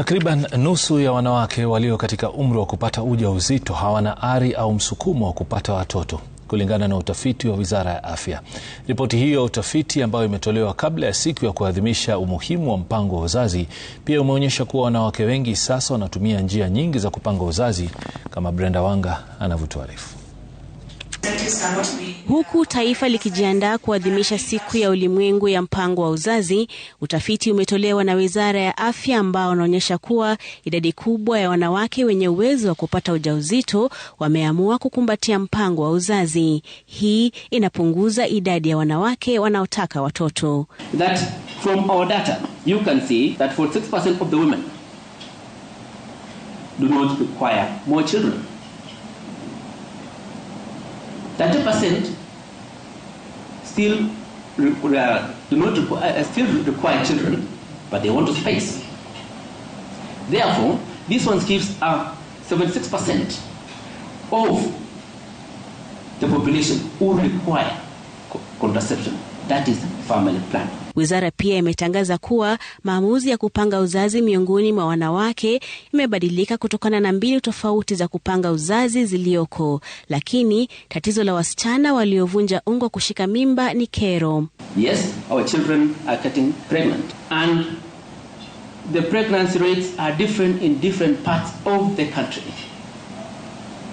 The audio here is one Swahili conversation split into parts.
Takriban nusu ya wanawake walio katika umri wa kupata ujauzito hawana ari au msukumo wa kupata watoto kulingana na utafiti wa Wizara ya Afya. Ripoti hiyo ya utafiti ambayo imetolewa kabla ya siku ya kuadhimisha umuhimu wa mpango wa uzazi pia umeonyesha kuwa wanawake wengi sasa wanatumia njia nyingi za kupanga uzazi kama Brenda Wanga anavyotuarifu. Huku taifa likijiandaa kuadhimisha siku ya ulimwengu ya mpango wa uzazi, utafiti umetolewa na Wizara ya Afya ambao unaonyesha kuwa idadi kubwa ya wanawake wenye uwezo wa kupata ujauzito wameamua kukumbatia mpango wa uzazi. Hii inapunguza idadi ya wanawake wanaotaka watoto. That from our data, you can see that 46% of the women do not require more children. 30% still, uh, require, uh, uh, still require children, but they want to space. Therefore, this one gives up 76% of the population who require contraception. That is family plan. Wizara pia imetangaza kuwa maamuzi ya kupanga uzazi miongoni mwa wanawake imebadilika kutokana na mbinu tofauti za kupanga uzazi zilioko, lakini tatizo la wasichana waliovunja ungo kushika mimba ni kero. Yes, our children are getting pregnant and the pregnancy rates are different in different parts of the country.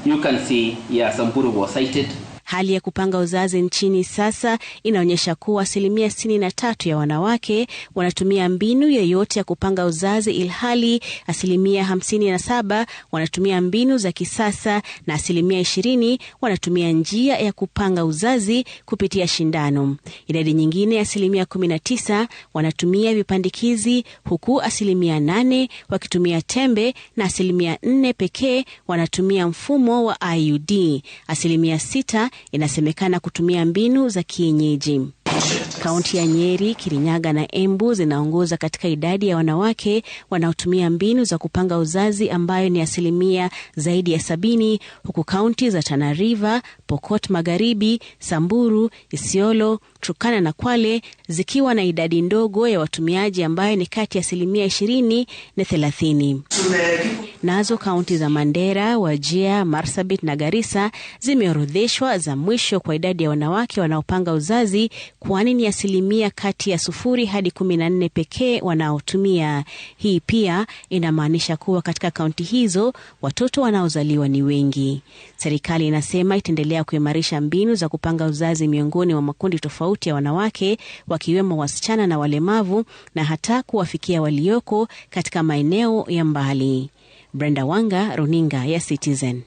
You can see, yeah, Samburu was cited. Hali ya kupanga uzazi nchini sasa inaonyesha kuwa asilimia sitini na tatu ya wanawake wanatumia mbinu yoyote ya kupanga uzazi, ilhali asilimia hamsini na saba wanatumia mbinu za kisasa na asilimia ishirini wanatumia njia ya kupanga uzazi kupitia shindano. Idadi nyingine, asilimia kumi na tisa wanatumia vipandikizi, huku asilimia nane wakitumia tembe na asilimia nne pekee wanatumia mfumo wa IUD. Asilimia sita inasemekana kutumia mbinu za kienyeji. Kaunti ya Nyeri, Kirinyaga na Embu zinaongoza katika idadi ya wanawake wanaotumia mbinu za kupanga uzazi ambayo ni asilimia zaidi ya sabini, huku kaunti za Tana River, Pokot Magharibi, Samburu, Isiolo, Turkana na Kwale zikiwa na idadi ndogo ya watumiaji ambayo ni kati ya asilimia ishirini na thelathini. Nazo kaunti za Mandera, Wajia, Marsabit na Garissa zimeorodheshwa za mwisho kwa idadi ya wanawake wanaopanga uzazi kwani ni asilimia kati ya sufuri hadi kumi na nne pekee wanaotumia. Hii pia inamaanisha kuwa katika kaunti hizo watoto wanaozaliwa ni wengi. Serikali inasema itaendelea kuimarisha mbinu za kupanga uzazi miongoni mwa makundi tofauti ya wanawake, wakiwemo wasichana na walemavu na hata kuwafikia walioko katika maeneo ya mbali. Brenda Wanga, runinga ya Citizen.